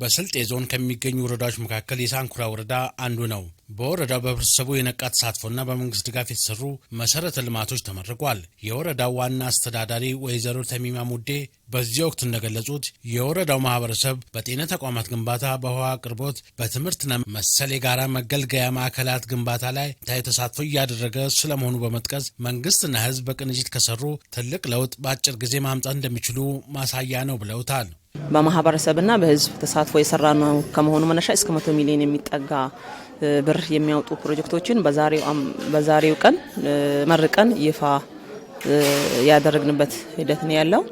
በስልጤ ዞን ከሚገኙ ወረዳዎች መካከል የሳንኩራ ወረዳ አንዱ ነው። በወረዳው በህብረተሰቡ የነቃ ተሳትፎና በመንግስት ድጋፍ የተሰሩ መሰረተ ልማቶች ተመርቋል። የወረዳው ዋና አስተዳዳሪ ወይዘሮ ተሚማ ሙዴ በዚህ ወቅት እንደገለጹት የወረዳው ማህበረሰብ በጤና ተቋማት ግንባታ፣ በውሃ አቅርቦት፣ በትምህርትና መሰል የጋራ መገልገያ ማዕከላት ግንባታ ላይ ተሳትፎ እያደረገ ስለመሆኑ በመጥቀስ መንግስትና ህዝብ በቅንጅት ከሰሩ ትልቅ ለውጥ በአጭር ጊዜ ማምጣት እንደሚችሉ ማሳያ ነው ብለውታል። በማህበረሰብና በህዝብ ተሳትፎ የሰራ ነው ከመሆኑ መነሻ እስከ መቶ ሚሊዮን የሚጠጋ ብር የሚያወጡ ፕሮጀክቶችን በዛሬው ቀን መርቀን ይፋ ያደረግንበት ሂደት ነው ያለው።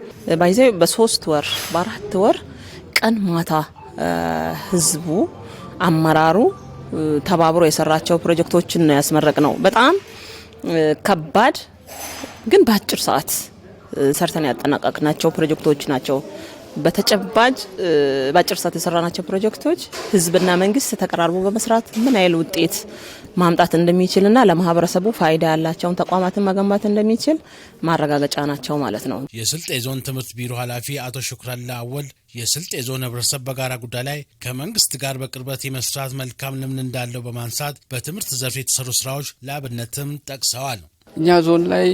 ባይዘ በሶስት ወር በአራት ወር ቀን ማታ ህዝቡ አመራሩ ተባብሮ የሰራቸው ፕሮጀክቶችን ነው ያስመረቅ ነው። በጣም ከባድ ግን በአጭር ሰዓት ሰርተን ያጠናቀቅናቸው ፕሮጀክቶች ናቸው። በተጨባጭ በአጭር ሰዓት የሰራናቸው ፕሮጀክቶች ህዝብና መንግስት ተቀራርቦ በመስራት ምን ያህል ውጤት ማምጣት እንደሚችልና ለማህበረሰቡ ፋይዳ ያላቸውን ተቋማትን መገንባት እንደሚችል ማረጋገጫ ናቸው ማለት ነው። የስልጤ ዞን ትምህርት ቢሮ ኃላፊ አቶ ሹክራላ አወል የስልጤ ዞን ህብረተሰብ በጋራ ጉዳይ ላይ ከመንግስት ጋር በቅርበት የመስራት መልካም ልምድ እንዳለው በማንሳት በትምህርት ዘርፍ የተሰሩ ስራዎች ለአብነትም ጠቅሰዋል። እኛ ዞን ላይ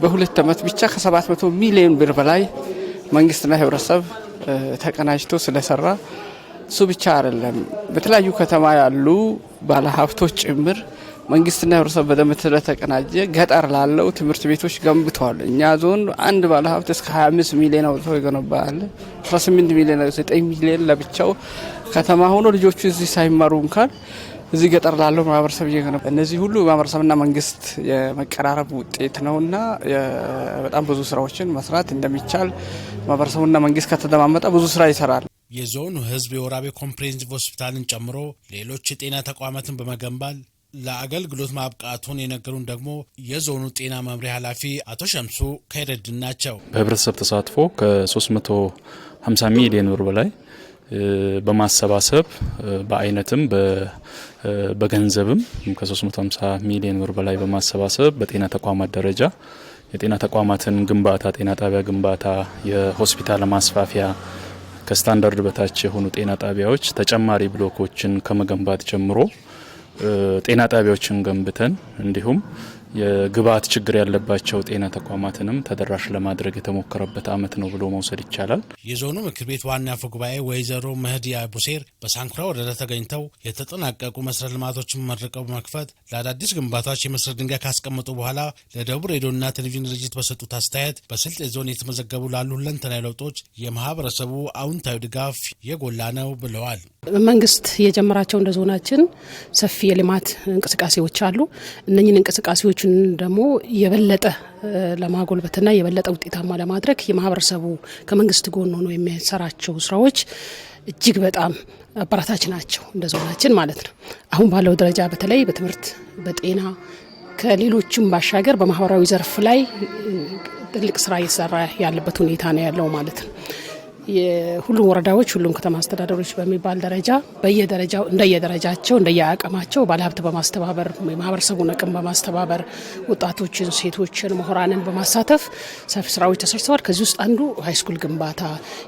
በሁለት ዓመት ብቻ ከ700 ሚሊዮን ብር በላይ መንግስትና ህብረተሰብ ተቀናጅቶ ስለሰራ እሱ ብቻ አይደለም። በተለያዩ ከተማ ያሉ ባለሀብቶች ጭምር መንግስትና ህብረተሰብ በደንብ ስለተቀናጀ ገጠር ላለው ትምህርት ቤቶች ገንብተዋል። እኛ ዞን አንድ ባለሀብት እስከ 25 ሚሊዮን አውጥቶ ይገነባል። 18 ሚሊዮን፣ 9 ሚሊዮን ለብቻው ከተማ ሆኖ ልጆቹ እዚህ ሳይማሩ እንኳን እዚህ ገጠር ላለው ማህበረሰብ እየገነ እነዚህ ሁሉ ማህበረሰብና መንግስት የመቀራረብ ውጤት ነውና በጣም ብዙ ስራዎችን መስራት እንደሚቻል ማህበረሰቡና መንግስት ከተደማመጠ ብዙ ስራ ይሰራል። የዞኑ ህዝብ የወራቤ ኮምፕሬሄንሲቭ ሆስፒታልን ጨምሮ ሌሎች የጤና ተቋማትን በመገንባል ለአገልግሎት ማብቃቱን የነገሩን ደግሞ የዞኑ ጤና መምሪያ ኃላፊ አቶ ሸምሱ ከይረድን ናቸው። በህብረተሰብ ተሳትፎ ከ350 ሚሊዮን ብር በላይ በማሰባሰብ በአይነትም በገንዘብም ከ350 ሚሊዮን ብር በላይ በማሰባሰብ በጤና ተቋማት ደረጃ የጤና ተቋማትን ግንባታ፣ ጤና ጣቢያ ግንባታ፣ የሆስፒታል ማስፋፊያ፣ ከስታንዳርድ በታች የሆኑ ጤና ጣቢያዎች ተጨማሪ ብሎኮችን ከመገንባት ጀምሮ ጤና ጣቢያዎችን ገንብተን እንዲሁም የግብአት ችግር ያለባቸው ጤና ተቋማትንም ተደራሽ ለማድረግ የተሞከረበት ዓመት ነው ብሎ መውሰድ ይቻላል። የዞኑ ምክር ቤት ዋና አፈ ጉባኤ ወይዘሮ መህዲ ቡሴር በሳንኩራ ወረዳ ተገኝተው የተጠናቀቁ መሰረተ ልማቶችን መርቀው በመክፈት ለአዳዲስ ግንባታዎች የመሰረት ድንጋይ ካስቀመጡ በኋላ ለደቡብ ሬዲዮና ቴሌቪዥን ድርጅት በሰጡት አስተያየት በስልጤ ዞን የተመዘገቡ ላሉ ሁለንተናዊ ለውጦች የማህበረሰቡ አውንታዊ ድጋፍ የጎላ ነው ብለዋል። መንግስት የጀመራቸው እንደ ዞናችን ሰፊ የልማት እንቅስቃሴዎች አሉ። እነኝን እንቅስቃሴዎችን ደግሞ የበለጠ ለማጎልበትና የበለጠ ውጤታማ ለማድረግ የማህበረሰቡ ከመንግስት ጎን ሆኖ የሚሰራቸው ስራዎች እጅግ በጣም አበራታች ናቸው፣ እንደ ዞናችን ማለት ነው። አሁን ባለው ደረጃ በተለይ በትምህርት በጤና ከሌሎችም ባሻገር በማህበራዊ ዘርፍ ላይ ትልቅ ስራ እየተሰራ ያለበት ሁኔታ ነው ያለው ማለት ነው። ሁሉም ወረዳዎች ሁሉም ከተማ አስተዳደሮች በሚባል ደረጃ በየደረጃው እንደየደረጃቸው እንደየአቅማቸው ባለሀብት በማስተባበር የማህበረሰቡን አቅም በማስተባበር ወጣቶችን፣ ሴቶችን፣ ምሁራንን በማሳተፍ ሰፊ ስራዎች ተሰርተዋል። ከዚህ ውስጥ አንዱ ሃይስኩል ግንባታ፣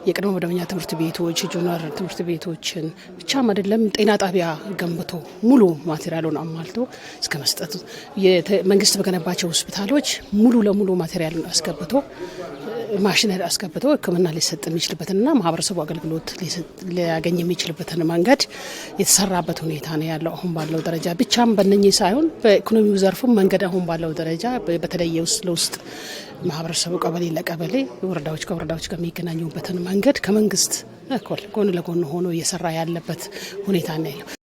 የቅድመ መደበኛ ትምህርት ቤቶች፣ ጁኒየር ትምህርት ቤቶችን ብቻም አይደለም ጤና ጣቢያ ገንብቶ ሙሉ ማቴሪያሉን አሟልቶ እስከ መስጠት መንግስት በገነባቸው ሆስፒታሎች ሙሉ ለሙሉ ማቴሪያሉን አስገብቶ ማሽነሪ አስገብቶ ሕክምና ሊሰጥ የሚችልበት የሚሰራበትንና ማህበረሰቡ አገልግሎት ሊያገኝ የሚችልበትን መንገድ የተሰራበት ሁኔታ ነው ያለው አሁን ባለው ደረጃ ብቻም በነኚህ ሳይሆን በኢኮኖሚው ዘርፉም መንገድ አሁን ባለው ደረጃ በተለየ ውስጥ ለውስጥ ማህበረሰቡ ቀበሌ ለቀበሌ ወረዳዎች ከወረዳዎች ጋር የሚገናኙበትን መንገድ ከመንግስት ጎን ለጎን ሆኖ እየሰራ ያለበት ሁኔታ ነው ያለው።